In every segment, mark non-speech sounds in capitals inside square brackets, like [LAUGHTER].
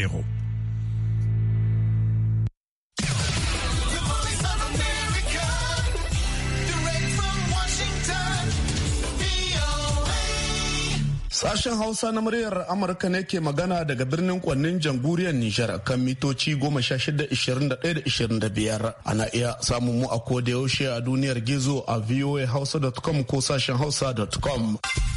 héros. Sashen Hausa na muryar Amurka ne ke magana daga birnin kwannin jamhuriyar Nijar kan mitoci ishirin da 25 Ana iya samun mu a koda yaushe a duniyar gizo a voahausa.com ko sashen hausa.com. hausa.com.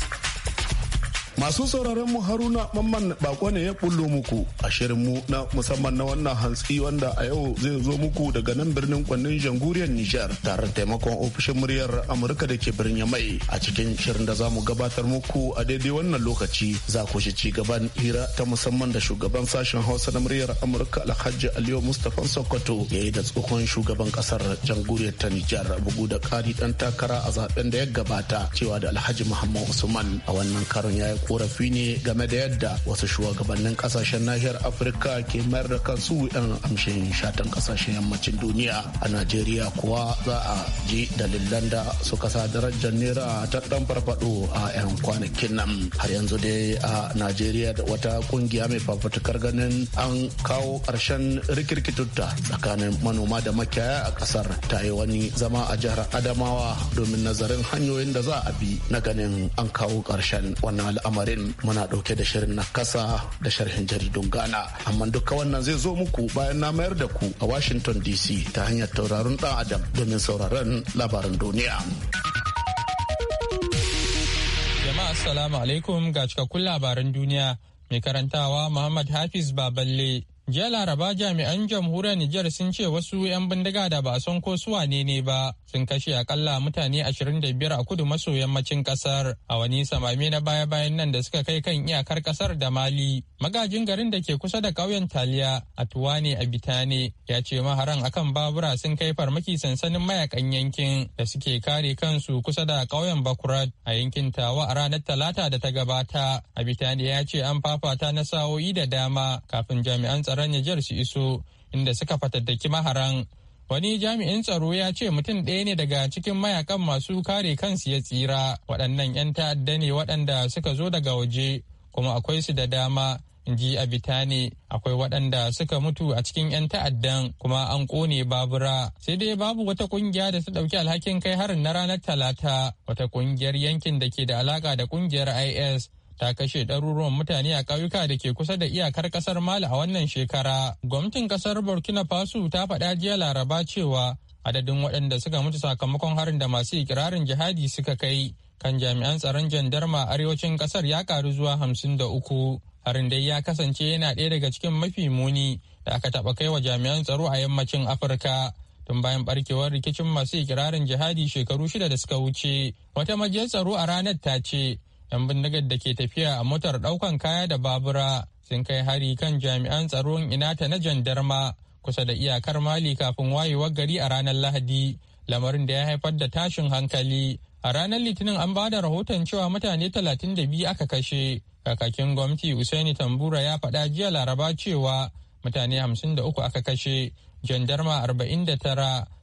Masu sauraron mu Haruna Mamman Bako ne ya bullo muku a mu na musamman na wannan hantsi wanda a yau zai zo muku daga nan birnin kwannin janguriyar Nijar tare da taimakon ofishin muryar Amurka da ke birnin mai a cikin shirin da zamu gabatar muku a daidai wannan lokaci za ku shi ci gaban hira ta musamman da shugaban sashen Hausa na muryar Amurka Alhaji Aliyu Mustapha Sokoto ya yi da tsohon shugaban kasar janguriyar ta Nijar bugu da kari dan takara a zaben da ya gabata cewa da Alhaji Muhammad Usman a wannan karon ya korafi ne game da yadda wasu shugabannin kasashen nahiyar afirka ke mayar da kansu yan amshin shatan kasashen yammacin duniya a najeriya kuwa za a ji dalilan da suka sa darajar naira ta dan farfado a yan kwanakin nan har yanzu dai a najeriya da wata kungiya mai fafutukar ganin an kawo karshen rikirkitutta tsakanin manoma da makiyaya a kasar ta yi wani zama a jihar adamawa domin nazarin hanyoyin da za a bi na ganin an kawo karshen wannan al'amari lamarin muna ɗauke da shirin na kasa da sharhin jaridun Ghana. Amma duka wannan zai zo muku bayan na mayar da ku a Washington DC ta hanyar taurarin dan Adam domin sauraron labaran duniya. Jama'a Assalamu alaikum ga cikakkun labaran duniya mai karantawa Muhammad Hafiz Baballe. Jiya Laraba jami'an jamhuriyar Nijar sun ce wasu 'yan bindiga da ba a san ko su ne ba sun kashe akalla mutane 25 a kudu maso yammacin kasar a wani samame na baya-bayan nan da suka kai kan iyakar kasar da mali magajin garin da ke kusa da ƙauyen taliya a tuwane a bitane ya ce maharan akan babura sun kai farmaki sansanin mayakan yankin da suke kare kansu kusa da ƙauyen bakurat a yankin tawa a ranar talata da ta gabata a bitane ya ce an fafata na sa'o'i da dama kafin jami'an tsaron ya nijar su iso inda suka fatattaki maharan wani jami'in tsaro ya ce mutum ɗaya ne daga cikin mayakan masu kare kansu ya tsira waɗannan 'yan ta'adda ne waɗanda suka zo daga waje kuma akwai su da dama ji a ne akwai waɗanda suka mutu a cikin 'yan ta'addan kuma an ƙone babura sai dai babu wata ƙungiya da ta ɗauki alhakin kai harin na ranar talata wata ƙungiyar yankin da ke da alaƙa da ƙungiyar is ta kashe ɗaruruwan mutane a ƙauyuka da ke kusa da iyakar ƙasar Mali a wannan shekara. Gwamnatin ƙasar Burkina Faso ta faɗa jiya Laraba cewa adadin waɗanda suka mutu sakamakon harin da masu ikirarin jihadi suka kai kan jami'an tsaron jandarma arewacin ƙasar ya ƙaru zuwa hamsin da uku. Harin dai ya kasance yana ɗaya daga cikin mafi muni da aka taɓa kai wa jami'an tsaro a yammacin Afirka. tun bayan barkewar rikicin masu ikirarin jihadi shekaru shida da suka wuce wata majiyar tsaro a ranar ta ce 'yan bindigar da ke tafiya a motar daukan kaya da babura sun kai hari kan jami'an tsaron inata na jandarma kusa da iyakar mali kafin wayewar gari a ranar lahadi lamarin da ya haifar da tashin hankali a ranar litinin an ba da rahoton cewa mutane 32 aka kashe kakakin gwamnati usaini tambura ya faɗa jiya laraba cewa mutane 53 aka kashe jandarma 49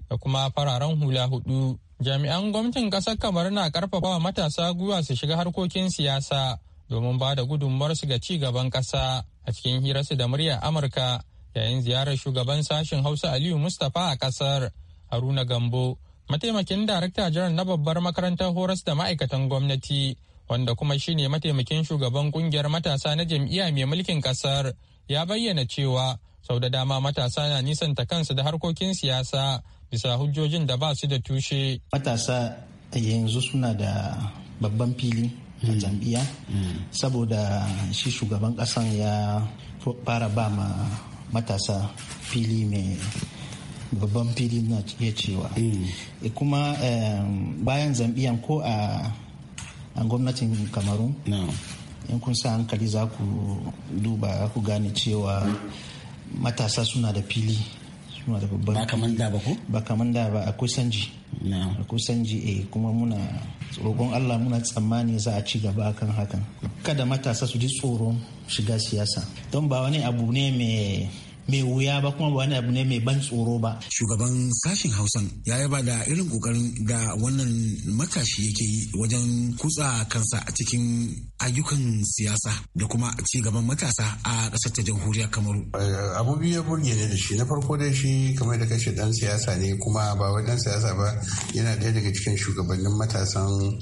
da kuma fararen hula hudu Jami'an gwamnatin ƙasar kamar na wa matasa gwiwa su shiga harkokin siyasa domin ba da su ga ci gaban ƙasa a cikin hirarsu da muryar Amurka yayin ziyarar shugaban sashen Hausa Aliyu Mustapha a ƙasar Haruna Gambo. Mataimakin darakta jiran na babbar makarantar horas da ma'aikatan gwamnati wanda kuma shine mataimakin shugaban kungiyar matasa na jam'iyya mai mulkin ƙasar ya bayyana cewa sau da dama matasa na nisanta kansu da harkokin siyasa bisa hujjojin da ba su da tushe. Matasa yanzu suna da babban fili a hmm. jam'iyya hmm. saboda shi shugaban kasan ya fara ba ma matasa fili mai babban fili na ya cewa. Hmm. E kuma bayan jam'iyyan ko a gwamnatin Kamaru. in kun sa hankali za ku duba ku gane cewa matasa suna da fili muna da babban ba kaman da ba ko ba kaman da ba akwai sanji akwai sanji eh kuma muna roƙon Allah muna tsammani za a ci gaba akan hakan kada matasa su ji tsoron shiga siyasa don ba wani abu ne mai mai wuya ba kuma wani abu ne mai ban tsoro ba. Shugaban sashen Hausan ya yaba da irin kokarin da wannan matashi yake yi wajen kutsa kansa a cikin ayyukan siyasa da kuma ci gaban matasa a ƙasar ta jamhuriyar Kamaru. Eh, abu biyu ya burge ne da shi na farko dai shi kamar da kashe dan siyasa ne kuma ba wai siyasa ba yana ɗaya daga cikin shugabannin matasan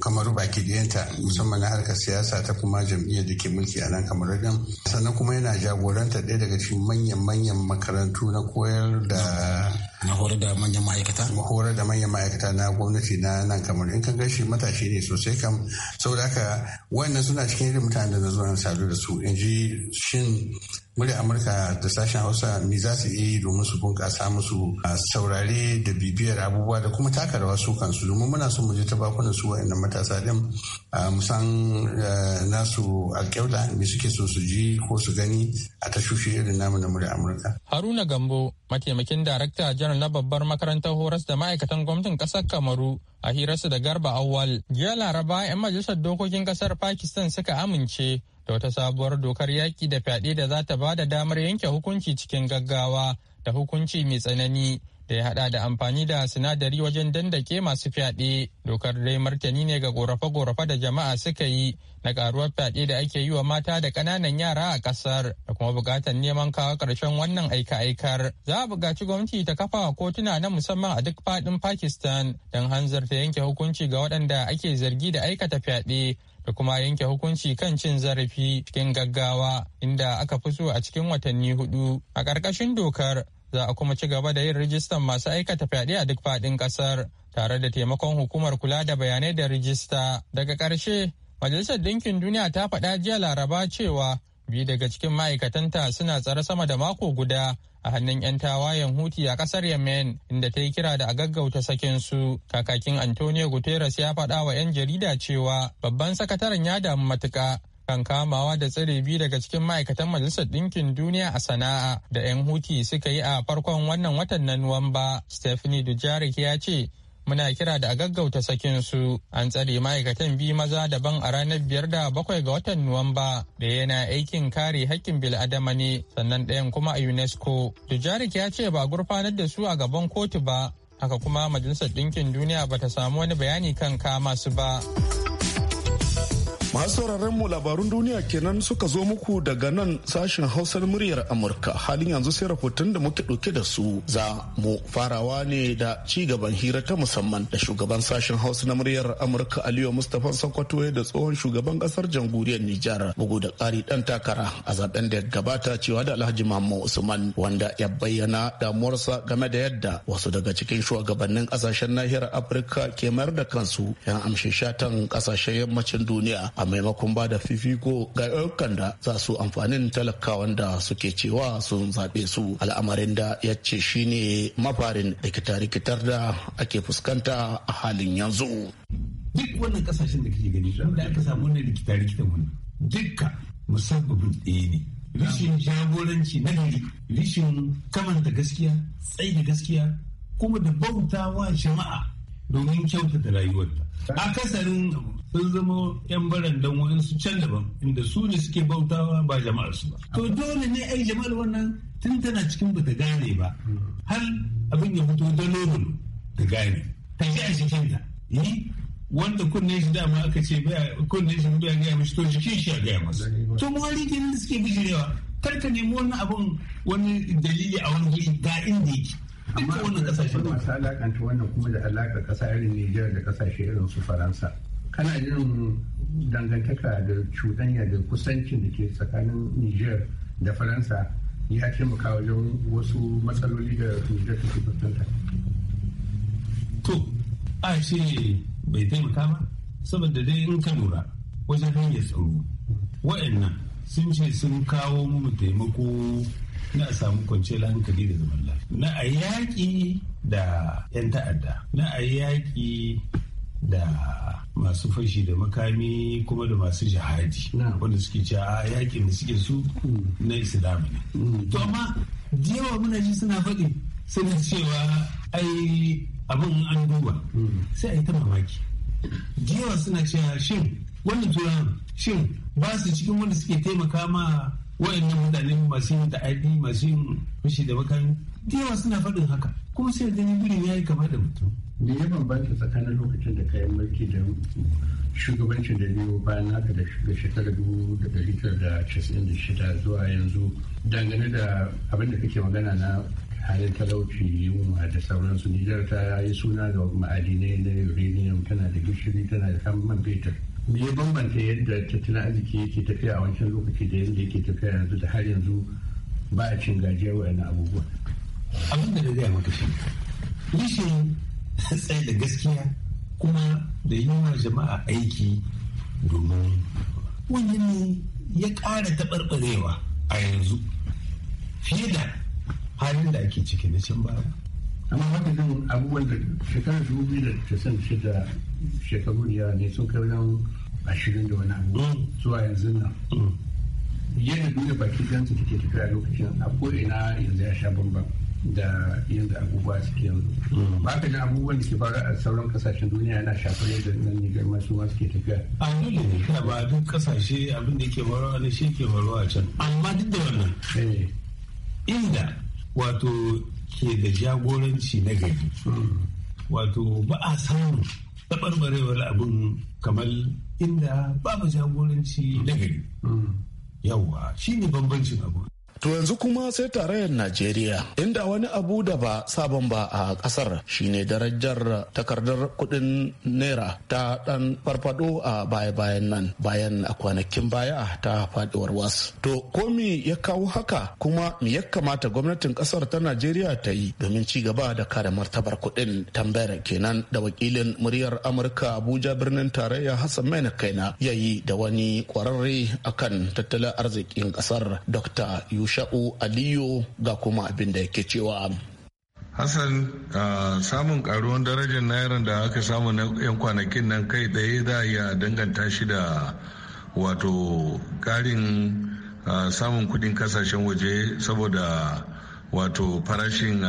kamaru baki diyanta musamman na harkar siyasa ta kuma jam'iyyar da ke mulki a nan kamar din sannan kuma yana jagoranta ɗaya daga cikin manyan manyan makarantu na koyar da na horar da manyan ma'aikata na horar da manyan ma'aikata na gwamnati na nan kamar in kan gashi matashi ne sosai kam saboda haka wannan suna cikin irin mutanen da na zo sadu da su in ji shin murya amurka da sashen hausa me za su iya yi domin su bunƙasa musu saurare da bibiyar abubuwa da kuma taka rawa su kansu domin muna son mu je ta bakunan su wa'annan matasa din musan nasu alƙyauda me suke so su ji ko su gani a tashoshin irin namu na murya amurka. haruna gambo mataimakin darakta janar na babbar makarantar horas da ma'aikatan gwamnatin ƙasar kamaru a hirarsu da garba awwal jiya laraba 'yan majalisar dokokin ƙasar pakistan suka amince da wata sabuwar dokar yaƙi da fyaɗe da za ta ba da damar yanke hukunci cikin gaggawa da hukunci mai tsanani da ya hada da amfani da sinadari wajen dandake masu fyaɗe dokar dai martani ne ga gorafe-gorafe da jama'a suka yi na karuwar fyaɗe da ake yi wa mata da ƙananan yara a ƙasar da kuma buƙatar neman kawo ƙarshen wannan aika-aikar za a buƙaci gwamnati ta kafa kotuna na musamman a duk faɗin pakistan don hanzarta yanke hukunci ga waɗanda ake zargi da aikata fyaɗe da kuma yanke hukunci kan cin zarafi cikin gaggawa inda aka fi so a cikin watanni hudu a ƙarƙashin dokar Za a kuma ci gaba da yin rijistan masu aikata fyaɗe a duk faɗin ƙasar tare da taimakon hukumar kula da bayanai da rijista. Daga ƙarshe, Majalisar Ɗinkin Duniya ta faɗa jiya Laraba cewa biyu daga cikin ma'aikatanta suna tsare sama da mako guda a hannun 'yan tawayen huti a ƙasar yemen inda ta yi kira da a gaggauta sakin su kakakin antonio guterres ya faɗa wa 'yan jarida cewa babban sakataren ya damu matuƙa kan kamawa da tsare biyu daga cikin ma'aikatan majalisar ɗinkin duniya a sana'a da 'yan huti suka yi a farkon wannan watan na nuwamba stephanie dujarik ya ce muna kira da a gaggauta sakin su an tsare ma'aikatan biyu maza daban a ranar biyar da bakwai ga watan nuwamba da yana aikin kare hakkin bil'adama ne sannan ɗayan kuma a unesco dujarik ya ce ba gurfanar da su a gaban kotu ba haka kuma majalisar ɗinkin duniya bata samu wani bayani kan kama su ba. Masu sauraron mu labarun duniya kenan suka zo muku daga nan sashen hausar muryar Amurka halin yanzu sai rahoton da muke ɗauke da su za mu farawa ne da ci gaban hira ta musamman da shugaban sashen hausa na muryar Amurka Aliyu Mustapha Sokoto da tsohon shugaban kasar jamhuriyar Nijar bugu da ƙari ɗan takara a zaben da gabata cewa da Alhaji Mamu Usman wanda ya bayyana damuwarsa game da yadda wasu daga cikin shugabannin kasashen nahiyar Afirka ke mayar da kansu 'yan amshi shatan kasashen yammacin duniya a maimakon ba da fifiko ga yankan da za su amfanin talakawan da suke cewa sun zaɓe su al'amarin da ya ce shi ne mafarin rikitar da ake fuskanta a halin yanzu. Duk wannan kasashen da kake gani da aka samu wannan rikita-rikitar wannan dukka musabbabin ɗaya ne. Rishin jagoranci na gari, rishin kamanta gaskiya, tsayi da gaskiya, kuma da bautawa jama'a domin kyautata rayuwarta. Akasarin sun zama 'yan barandan waɗansu can daban inda su ne suke bautawa ba jama'ar su ba. To dole ne ai jama'ar wannan tun tana cikin bata gane ba har abin ya fito da lobulu ta gane ta ji a jikin ta. Yi eh, wanda kunne shi dama aka ce kunne shi ya gaya mashi to jikin shi a gaya masa. To muhalli kenan da suke bijirewa kar ka nemi wani abun wani dalili a wani guri ga inda yake. Amma wannan kasashe. Wannan masu alakanta wannan kuma da alakar kasa irin Nijar da kasashe irin su Faransa. kana irin dangantaka da cuɗanya da kusancin da ke tsakanin niger da faransa ya taimaka wajen wasu matsaloli da niger ta ke fuskanta to a ce bai taimaka ba saboda dai in ka lura wajen hanyar tsaro wa'annan sun ce sun kawo mu taimako na a samu kwanciyar hankali da zaman lafiya na a yaƙi da 'yan ta'adda na a yaƙi da masu fashi da makami kuma da masu jihadi wanda suke cewa a yakin da suke su na islam ne mm. to amma da yawa muna ji suna faɗi suna cewa ai abin an duba mm. sai a yi ta mamaki da yawa suna cewa shin wannan turan shin ba su cikin wanda suke taimaka ma wa'annan mutane masu yin ta'adi masu yin fashi da makami da yawa suna faɗin haka kuma sai ni birin ya yi kama da mutum me ya bambanta tsakanin lokacin da kayan mulki da shugabancin da biyu, bayan naka da shekarar dubu da zuwa yanzu dangane da abin da kake magana na halin talauci yunwa da sauransu nijar ta yi suna ga ma'adinai na uranium tana da gishiri tana da kamar fetur me ya bambanta yadda tattalin arziki yake tafiya a wancan lokaci da yadda yake tafiya yanzu da har yanzu ba a cin gajiyar wa'annan abubuwa abin da zai maka shi tsaye [LAUGHS] da gaskiya kuma da yi wa jama'a aiki domin wani ne ya ƙara taɓarɓarewa a yanzu fiye da halin da ake ciki na can baya amma haka nan abubuwan da shekarar dubu biyu da tasan shida shekaru ya ne sun kai wajen ashirin da wani abu mm. zuwa yanzu nan mm. yadda duniya baki gansu take tafiya lokacin a ko'ina yanzu ya sha bambam da yadda abubuwa suke yanzu mm. ba ka na abubuwan da ke faru a sauran kasashen duniya yana shafar yadda nan nigar masu ma suke tafiya a dole ne kada ba duk kasashe abin da ke faruwa ne shi ke faruwa can amma duk da wannan eh. inda wato ke da jagoranci na gari mm. wato ba a samu taɓarɓarewar abin kamar inda babu jagoranci na gari mm. yawwa shi ne bambancin abu To yanzu kuma sai tarayyar Najeriya inda wani abu da ba sabon ba a kasar shine darajar takardar kudin naira ta dan farfado a baya-bayan nan bayan a kwanakin baya ta faduwar was. To komi ya kawo haka kuma me ya kamata gwamnatin kasar ta Najeriya ta yi domin ci gaba da kare martabar kudin tambayar kenan da wakilin muryar Amurka Abuja birnin tarayya Hassan Maina Kaina ya yi da wani kwararre akan tattalin arzikin kasar Dr. sha'u aliyu ga kuma abin da yake cewa hassan samun karuwan darajar naira da aka samu na 'yan kwanakin nan kai daya za a iya danganta shi da wato karin samun kudin kasashen waje saboda wato farashin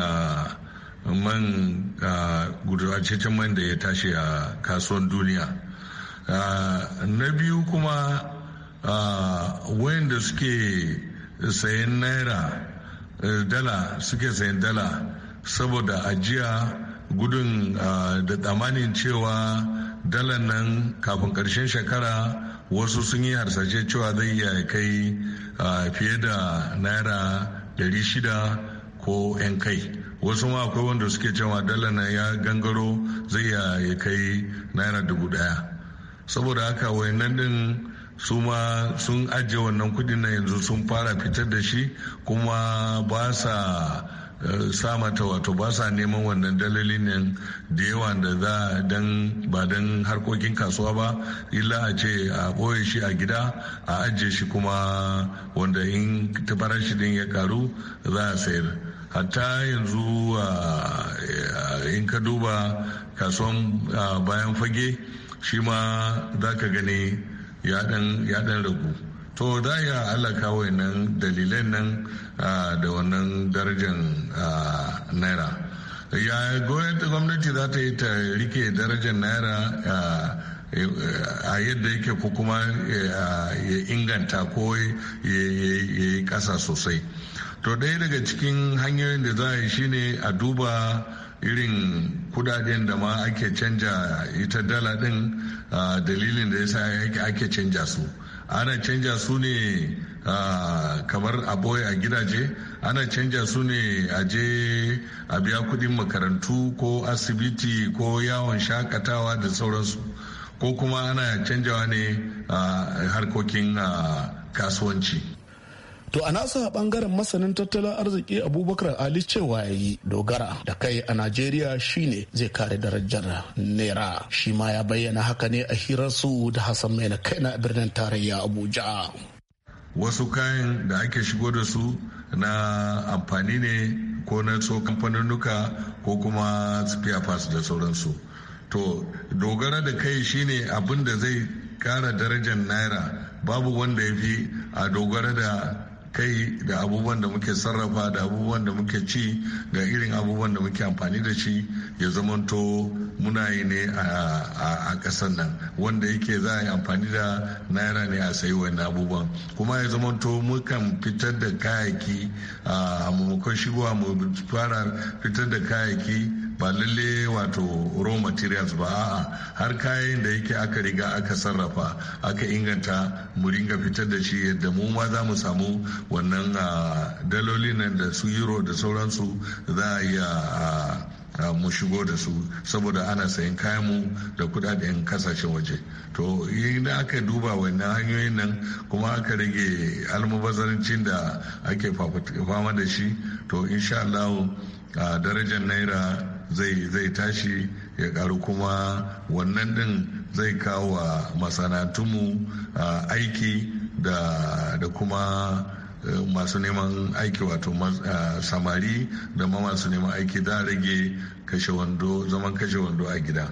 man gudunacecen man da ya tashi a kasuwan duniya na biyu kuma wayanda suke sayan naira eh, dala suke sayan dala saboda ajiya gudun ah, da tsamanin cewa dala nan kafin karshen shekara wasu sun yi harsashe cewa zai iya kai ah, fiye da naira shida ko 'yan kai wasu ma akwai wanda suke cewa dala na ya gangaro zai iya kai naira dubu ɗaya saboda haka wayannan din su ma sun ajiye wannan kudin na yanzu sun fara fitar da shi kuma ba sa eh, sa mata wato ba sa neman wannan dalilin nan da yawa da za dan ba dan harkokin kasuwa ba illa a ce a ɓoye shi a gida a ajiye shi kuma wanda in tabarar shi din ya karu za a sayar hatta yanzu eh, in ka duba kasuwan bayan fage shi ma za ka gani ya dan ragu to da ya alaka nan dalilan nan da wannan darajar naira ya gwamnati za ta yi ta rike darajar naira e, a yadda yake ko kuma e, ya inganta ko ya yi kasa sosai to ɗaya daga cikin hanyoyin da za a yi shine a duba irin kudaden da ma ake canja ita dala din dalilin da yasa ake canja su ana canja su ne kamar a boye a gidaje ana canja su ne a je a biya kudin makarantu ko asibiti ko yawon shakatawa da sauransu ko kuma ana canjawa ne harkokin kasuwanci To a nasa bangaren masanin tattalin arziki Abubakar Ali cewa ya yi dogara da kai a Najeriya shine zai kare darajar naira. Shi ma ya bayyana haka ne a hirarsu da Hassan Mai na kaina a birnin tarayya Abuja. Wasu kayan da ake shigo da su na amfani ne ko na so kamfaninnuka ko kuma spare parts da sauransu. To dogara da kai shine abin da zai kara darajar naira babu wanda ya fi a dogara da kai da abubuwan da muke sarrafa da abubuwan da muke ci ga irin abubuwan da muke amfani da shi ya zamanto muna yi ne a ƙasar nan wanda yake za a yi amfani da naira ne a sayi wani abubuwan kuma ya zamanto mukan fitar da kayayyaki a maimakon shigowa mu fara fitar da kayayyaki ba lalle wato raw materials ba a'a har kayan da yake aka riga aka sarrafa aka inganta mu ringa fitar da shi yadda mu ma za mu samu wannan daloli nan da su euro da sauransu za a iya mu shigo da su saboda ana sayan kayan mu da kudaden kasashen waje to inda aka duba wannan hanyoyin nan kuma aka rage almubazarancin da ake fama da shi to insha Allah darajar naira zai tashi ya karu kuma wannan din zai kawo wa masana'antunmu aiki da kuma eh, masu neman aiki wato samari da ma masu neman aiki da rage kashe wando zaman kashe wando a gida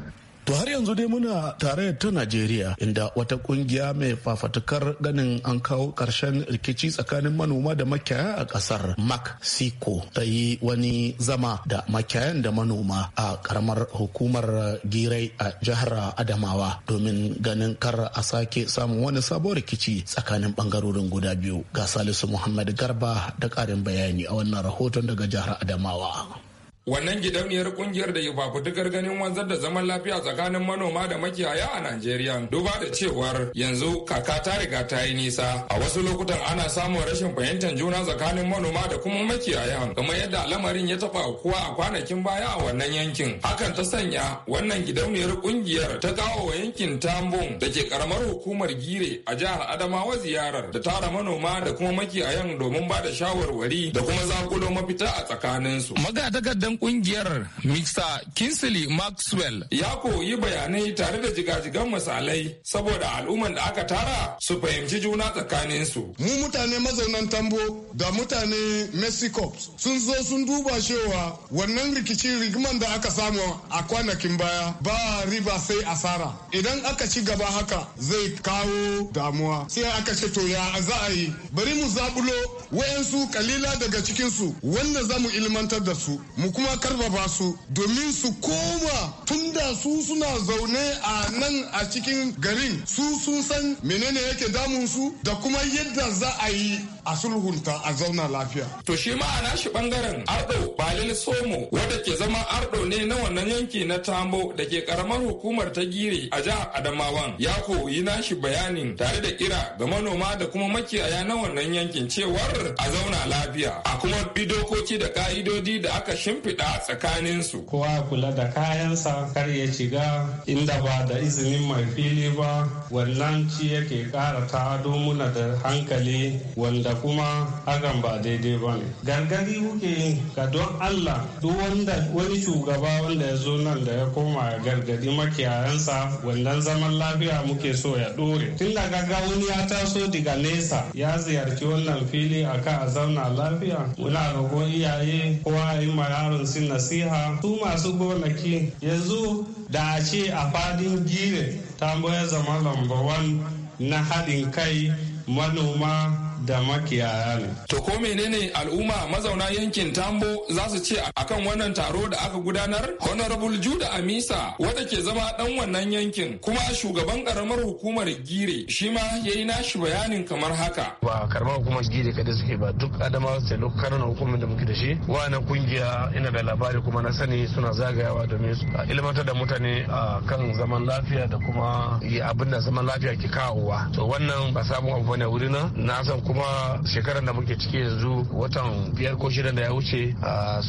To har yanzu dai muna tare ta Najeriya inda wata kungiya mai fafatukar ganin an kawo ƙarshen rikici tsakanin manoma da makiyaya a ƙasar Mark Siko ta yi wani zama da makiyayan da manoma a karamar hukumar Girai a jihar Adamawa domin ganin kar a sake samun wani sabon rikici tsakanin bangarorin guda biyu. Ga Salisu Muhammad Garba da ƙarin bayani a wannan rahoton daga jihar Adamawa. Wannan gidauniyar kungiyar da ya fafutukar ganin wanzar da zaman lafiya tsakanin manoma da makiyaya a Najeriya duba da cewar yanzu kaka ta riga ta yi nisa a wasu lokutan ana samun rashin fahimtar juna tsakanin manoma da kuma makiyaya kamar yadda lamarin ya taɓa kuwa a kwanakin baya a wannan yankin. Hakan ta sanya wannan gidauniyar kungiyar ta kawo wa yankin Tambon da ke karamar hukumar Gire a jihar Adamawa ziyarar da tara manoma da kuma makiyayan domin ba da shawarwari da kuma zakulo mafita a tsakaninsu. Magatakardan kungiyar Mr. Kinsley Maxwell ya koyi bayanai tare da jigajigan misalai saboda al'umman da aka tara su fahimci juna tsakanin su Mu mutane mazaunan tambo da mutane Mexico sun zo sun duba cewa wannan rikicin rigiman da aka samu a kwanakin baya ba riba sai asara. Idan aka ci gaba haka zai kawo damuwa. Sai aka ce to ya za a yi bari mu zabulo wayansu kalila daga cikinsu wanda za mu ilmantar da su mu kuma ma karfafa su domin su koma tunda su suna zaune a nan a cikin garin su sun san menene yake damun su da kuma yadda za a yi a sulhunta a zauna lafiya. To shi ma a nashi bangaren Ardo Balil Somo wadda ke zama Ardo ne na wannan yanki na Tambo da ke karamar hukumar ta Gire a jihar Adamawan ya koyi nashi bayanin tare da kira ga manoma da kuma makiyaya na wannan yankin cewar a zauna lafiya a kuma bi dokoki da ka'idodi da aka shimfida. shimfiɗa tsakaninsu. Kowa ya kula da kayansa kar ya shiga inda ba da izinin mai fili ba wannan ci yake ƙara ta muna da hankali wanda kuma hakan ba daidai ba ne. Gargari kuke ga don Allah duk wanda wani shugaba wanda ya zo nan da ya koma ya gargadi makiyayansa wannan zaman lafiya muke so ya ɗore. Tun da gaggawa wani ya taso daga nesa ya ziyarci wannan fili akan a zauna lafiya muna roƙon iyaye kowa yi ma yaro sun nasiha su masu gonaki yanzu da a ce a fadin gire ta zama lamba na haɗin kai manoma da makiyaya ne. To ko menene al'umma mazauna yankin Tambo za su ce akan wannan taro da aka gudanar? Honorable Juda Amisa wanda ke zama dan wannan yankin kuma shugaban karamar hukumar Gire shi ma yayi nashi bayanin kamar haka. Ba karamar hukumar Gire kada suke ba duk adama sai lokacin hukumar da muke da shi. Wannan kungiya ina da labari kuma na sani suna zagayawa domin su ilmantar da mutane a kan zaman lafiya da kuma abin da zaman lafiya ke wa. To wannan ba samun abu ne wurina na san kuma kuma shekarar da muke ciki yanzu watan biyar ko shida da ya wuce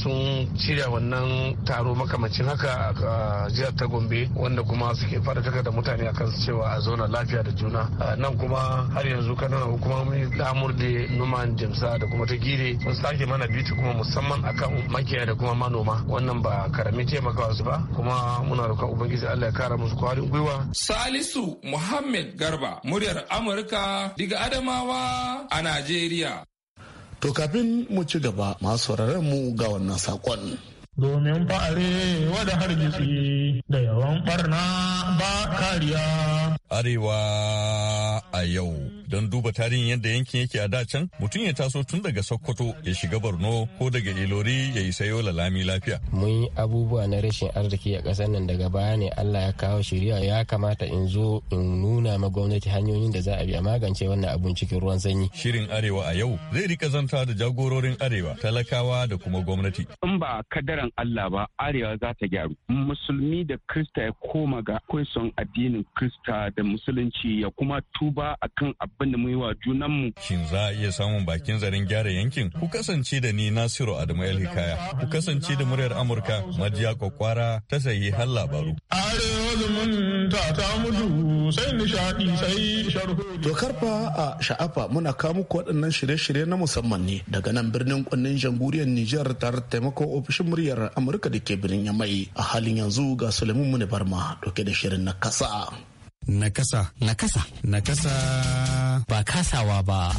sun shirya wannan taro makamacin haka a jihar ta gombe wanda kuma suke taka da mutane akan cewa a zauna lafiya da juna nan kuma har yanzu kanana hukumomi lamur da numan jimsa da kuma ta gire sun sake mana biti kuma musamman akan makiya da kuma manoma wannan ba karamin taimakawa su ba kuma muna roƙon ubangiji allah ya kara musu kwarin gwiwa salisu muhammad garba muryar amurka diga adamawa a Najeriya. To kafin mu ci gaba masu mu ga wannan saƙon. Domin fa'are da hargitsi da yawan barna ba kariya. Arewa a yau. don duba tarihin yadda yankin yake a da can mutum ya taso tun daga sokoto ya shiga borno ko daga ilori ya isa yola lami lafiya mun yi abubuwa na rashin arziki a ƙasar nan daga baya ne allah ya kawo shirya ya kamata in zo in nuna ma gwamnati hanyoyin da za a bi a magance wannan abun cikin ruwan sanyi shirin arewa a yau zai rika zanta da jagororin arewa talakawa da kuma gwamnati in ba kadaran allah ba arewa za ta gyaru musulmi da krista ya koma ga son addinin krista da musulunci ya kuma tuba akan abin abin da mu yi wa junanmu. Shin za a iya samun bakin zarin gyara yankin? Ku kasance da ni Nasiru Adamu Hikaya. Ku kasance da muryar Amurka Madiya Kwakwara ta sayi har labaru. Arewa zumunta ta mutu sai nishaɗi sai sharhu. To karfa a sha'afa muna kawo muku waɗannan shirye-shirye na musamman ne daga nan birnin kunnin jamhuriyar Nijar tare da taimakon ofishin muryar Amurka da ke birnin Yamai. A halin yanzu ga Sulaimun Muni Barma dauke da shirin na kasa. Nakasa. Nakasa. Nakasa. Ba kasawa ba.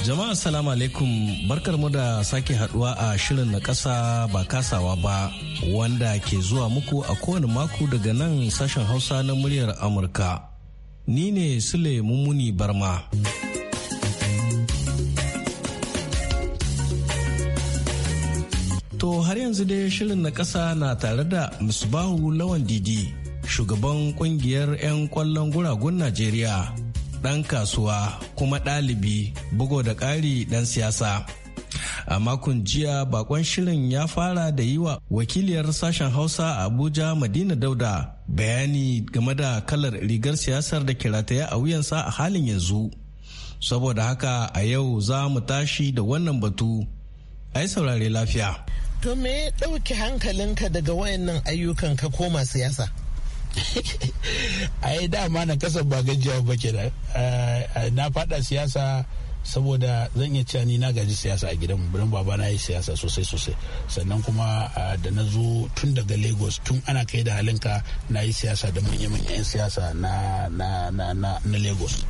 Jama'a salamu alaikum barkar mu da sake haduwa a shirin na kasa ba kasawa ba wanda ke zuwa muku a kowane mako daga nan sashen hausa na muryar Amurka. Ni ne Sule Mummuni Barma. To har yanzu dai shirin na kasa na tare da Musbahu Lawan Didi. shugaban kungiyar 'yan kwallon guragun Najeriya, ɗan kasuwa kuma ɗalibi bugo da ƙari ɗan siyasa. A makon jiya bakon shirin ya fara da yi wa wakiliyar sashen Hausa Abuja Madina Dauda bayani game da kalar rigar siyasar da kirataya a wuyansa a halin yanzu. saboda haka a yau za mu tashi da wannan batu ai saurare lafiya. To me ya ɗauki hankalinka daga wayannan ayyukan ka koma siyasa? yi [LAUGHS] dama na kasa ba gajiya ba da eh, eh, na fada siyasa saboda zan iya cewa ni na gaji siyasa a gidan birnin baba na yi siyasa sosai sosai sannan kuma eh, da na zo tun daga lagos tun ana kai da halinka na yi siyasa da manya-manyan siyasa na lagos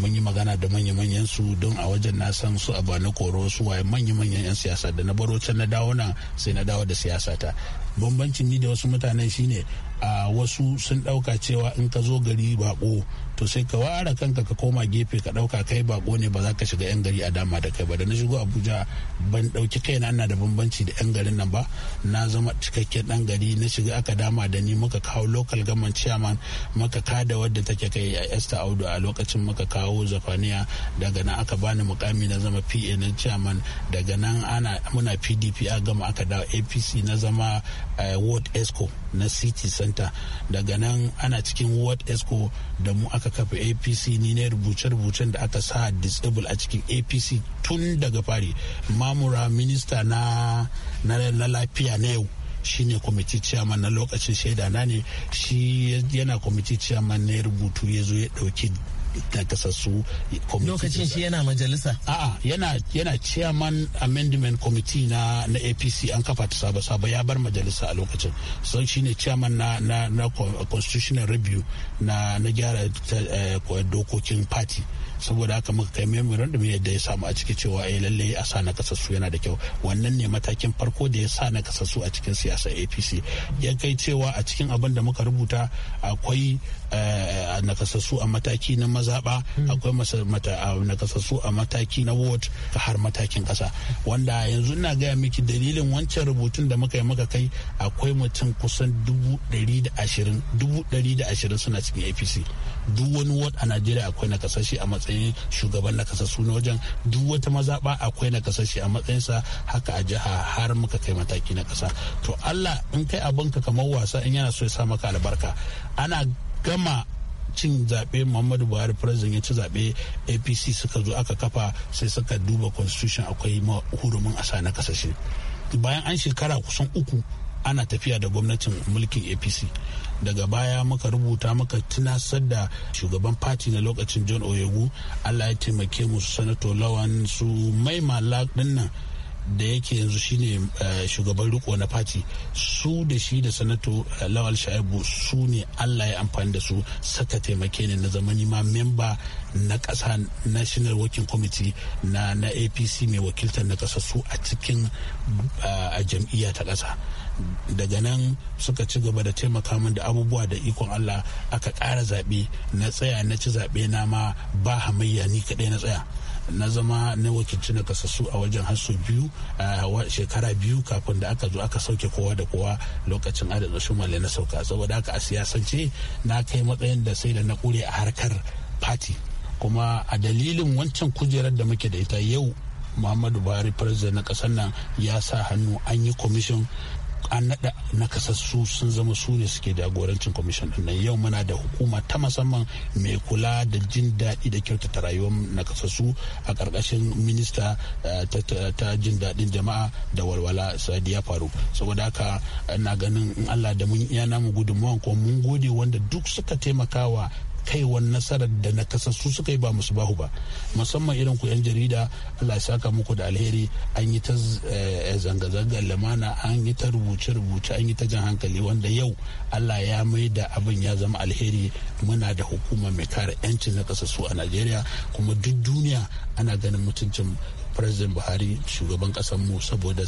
mun yi magana da manya-manyan su don a wajen na san su a bani koro su waye manya-manyan 'yan siyasa da na baro can na dawo nan sai na dawo da siyasa ta bambancin ni da wasu mutanen shine a wasu sun ɗauka cewa in ka zo gari bako to sai ka ware kanka ka koma gefe ka ɗauka kai bako ne ba za ka shiga 'yan gari a dama da kai ba da na shigo abuja ban ɗauki kaina na da bambanci da 'yan garin nan ba na zama cikakken ɗan gari na shiga aka dama da ni muka kawo local government chairman muka kada wadda take kai a esther audu a lokacin muka kawo zafaniya daga nan aka bani mukami na zama pa na chairman daga nan ana muna pdp a gama aka dawo apc na zama eh, ward esco na city center daga nan ana cikin ward esco da mu aka kafa apc ni ne rubuce-rubucen da aka sa disable a cikin apc tun daga fari mamura minista na lafiya na yau shi ne kwamiti ciyaman na lokacin shaida na ne shi yana kwamiti ciyaman na rubutu ya zo ya dauki. nakasassu lokacin shi yana majalisa a'a yana yana chairman amendment committee na na APC an kafa ta saba saba ya bar majalisa a lokacin so shine chairman na na, na constitutional review na na gyara eh, dokokin party saboda haka muka kai memorandum yadda ya samu a ciki cewa eh lalle a sa na kasassu yana da kyau wannan ne matakin farko da ya sa na kasassu a cikin siyasar apc ya kai cewa a cikin abin da muka rubuta akwai eh, nakasassu a mataki na mazaba hmm. akwai nakasassu a mataki na ward har matakin kasa wanda yanzu ina gaya miki dalilin wancan rubutun da muka yi muka kai akwai mutum kusan dubu dari da ashirin dubu dari da ashirin suna cikin apc duk wani ward a najeriya akwai nakasashe a matsayin matsayin shugaban nakasassu na wajen duk wata mazaɓa akwai nakasashe a matsayinsa haka a jiha har muka kai mataki na kasa to allah in kai abinka kamar wasa in yana so ya sa maka albarka ana gama cin zaɓe muhammadu buhari president ya ci zaɓe apc suka zo aka kafa sai suka duba constitution akwai hurumin asa na kasashe bayan an shekara kusan uku ana tafiya da gwamnatin mulkin apc daga baya muka rubuta muka tunasar da shugaban fati na lokacin john oyegu allah ya taimake mu sanato lawan su malak dinnan da yake yanzu shine eh, shugaban riko na fati su da shi da sanato eh, lawal sha'ibu su ne allah ya amfani da su saka taimake ne na zamani ma memba na ƙasa national working committee na, apc mai wakiltar na kasa su a cikin eh, jam'iyya ta ƙasa daga nan suka ci gaba da taimaka min da abubuwa da ikon Allah aka ƙara zaɓe na tsaya na ci zaɓe na ma ba hamayya ni kaɗai na tsaya na zama na wakilci na kasassu a wajen hasso biyu a shekara biyu kafin da aka zo aka sauke kowa da kowa lokacin adadin shumale na sauka saboda haka a siyasance na kai matsayin da sai da na kure a harkar fati kuma a dalilin wancan kujerar da muke da ita yau muhammadu buhari president na kasar nan ya sa hannu an yi kwamishin an naɗa nakasassu sun zama su ne suke jagorancin kwamishin nan yau muna da hukuma ta musamman mai kula da jin daɗi da kyautata rayuwar nakasassu a ƙarƙashin minista eh, ta jin daɗin jama'a da walwala sadiya faru saboda haka ina eh, ganin in allah da mun iya namu gudunmuwan ko mun gode wanda duk suka taimakawa kaiwan nasarar da na kasassu suka yi ba musu bahu ba musamman irin ku 'yan jarida allah ya saka muku da alheri an yi ta zanga eh, zanga lamana an yi ta rubuce-rubuce an yi ta jan hankali wanda yau allah ya mai da abin ya zama alheri muna da hukuma mai kare 'yancin na kasassu a najeriya kuma duk duniya ana ganin mutuncin president buhari shugaban mu saboda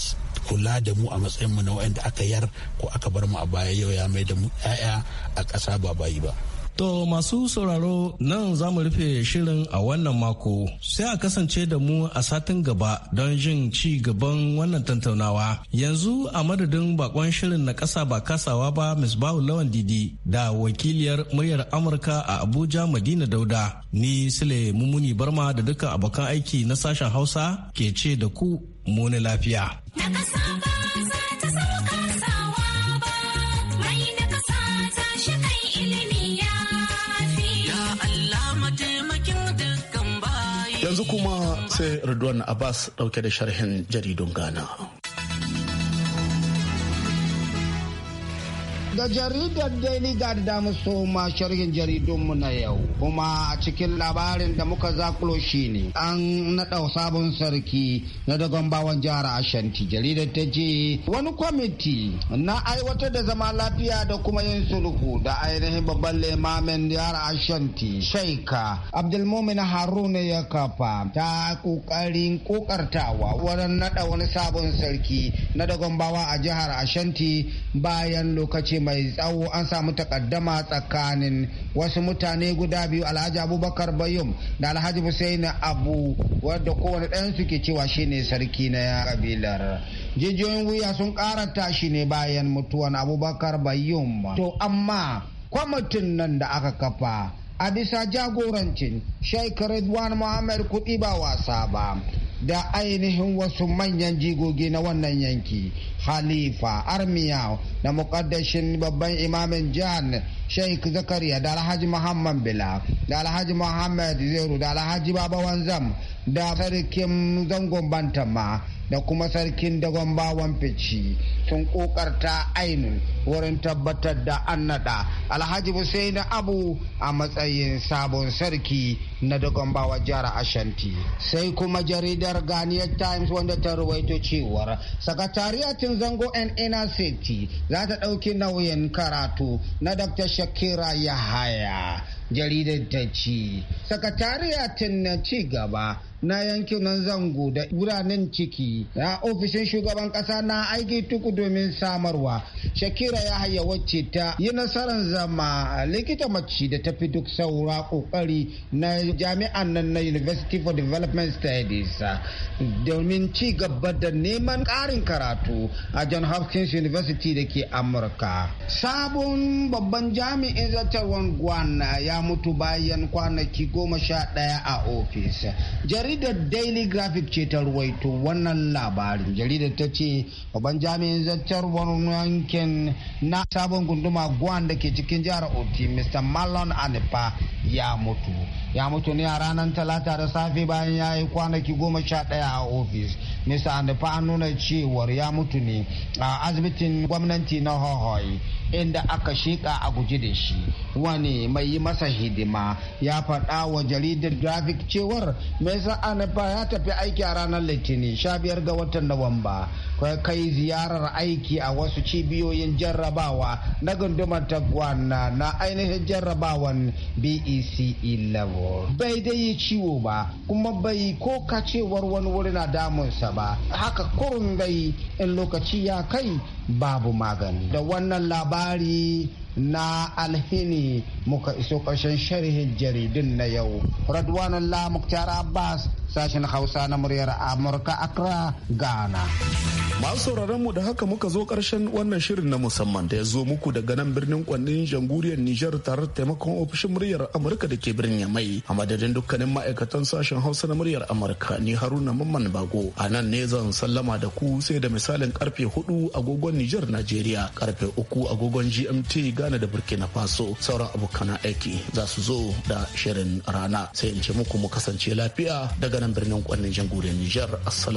kula da mu a matsayin mu na wa'anda aka yar ko aka bar mu a baya yau ya mai da mu 'ya'ya a ƙasa ba bayi ba To masu sauraro nan za mu rufe shirin a wannan mako sai a kasance da mu a satin gaba don jin ci gaban wannan tantaunawa. Yanzu a madadin bakon shirin na kasa ba kasawa ba Ms. Bawu Lawan Didi da wakiliyar muryar Amurka a Abuja Madina Dauda. Ni Sule Mumuni Barma da duka abokan aiki na sashen Hausa ke ce da ku muni lafiya. Na kuma sai Ridwan Abbas dauke da sharhin jaridun Ghana. da jaridar daily guard da so ma sharhin jaridunmu na yau kuma a cikin labarin da muka zakulo shi ne an naɗa sabon sarki na dagon bawan jihar ashanti jaridar ta je wani kwamiti na aiwatar da zama lafiya da kuma yin sulhu da ainihin babban limamin jihar ashanti shaika abdulmumin haruna ya kafa ta kokarin kokartawa wurin naɗa wani sabon sarki na dagon bawa a jihar ashanti bayan lokacin mai tsawo an samu takaddama tsakanin wasu mutane guda biyu alhaji abubakar bayum da alhaji hussein abu wadda kowane ɗayansu ke cewa shine sarki na kabilar jijiyoyin wuya sun ƙara tashi ne bayan mutuwan abubakar bayum to amma kwamitin nan da aka kafa a bisa jagorancin shaikar Ridwan Muhammad kuɗi ba wasa ba da ainihin wasu manyan jigogi na wannan yanki halifa armiya na mukaddashin babban imamin jihar sheikh zakariya da alhaji muhammad bila da alhaji muhammad zero da alhaji babawan zam da sarkin zangon bantama da kuma sarkin dagon bawan fici sun kokarta ainin wurin tabbatar da annada alhaji hussein abu a matsayin sabon sarki na dagon bawa jihar ashanti sai kuma jaridar ghanaian times wanda ta ruwaito cewar sakatariyatin zango yan ina city za ta ɗauki nauyin karatu na dr shakira yahaya jaridar ta ce sakatariyatin na ci gaba na nan zango da biranen ciki na ofishin shugaban kasa na aiki tuku domin samarwa shakira ya haya wacce ta yi nasarar zama likita mace da ta fi duk saura kokari na jami'an nan na university for development studies domin ci gaba da neman karin karatu a john hopkins university da ke amurka sabon babban jami'in zartarwar gwana ya ya mutu bayan kwanaki goma sha ɗaya a ofis jaridar daily graphic ce ta ruwaito wannan labarin jaridar ta ce babban jami'in zartarwar yankin na sabon gunduma gwan da ke cikin jihar oti mr malon anipa ya mutu ya mutu ne a ranar talata da safe bayan ya yi kwanaki goma sha ɗaya a ofis mr anipa an nuna cewar ya mutu ne a asibitin gwamnati na hohoi inda aka shika a guji da shi wani mai yi masa hidima ya faɗa wa jaridar traffic cewar mai sa'anifa ya tafi aiki a ranar litinin sha biyar ga watan nawamba kai ziyarar aiki a wasu cibiyoyin jarrabawa na gundumar tagwana na ainihin jarrabawan bec level bai dai yi ciwo ba kuma bai ko kacewar wani wuri na damunsa ba haka kurun gai in lokaci ya kai babu magani da wannan labari na alhini muka iso ƙarshen sharhin jaridun na yau. Allah Muktar Abbas sashen Hausa na muryar Amurka Accra, Ghana. Masu sauraron mu da haka muka zo karshen wannan shirin na musamman da ya zo muku daga nan birnin kwannin jamhuriyar Nijar tare da taimakon ofishin muryar Amurka da ke birnin Yamai a madadin dukkanin ma'aikatan sashen Hausa na muryar Amurka ni Haruna Mamman Bago a nan ne zan sallama da ku sai da misalin karfe 4 agogon Nijar Najeriya karfe 3 agogon GMT ghana da burkina faso sauran abokan aiki za su zo da shirin rana sai in ce muku mu kasance lafiya daga nan birnin kwannin nijar niger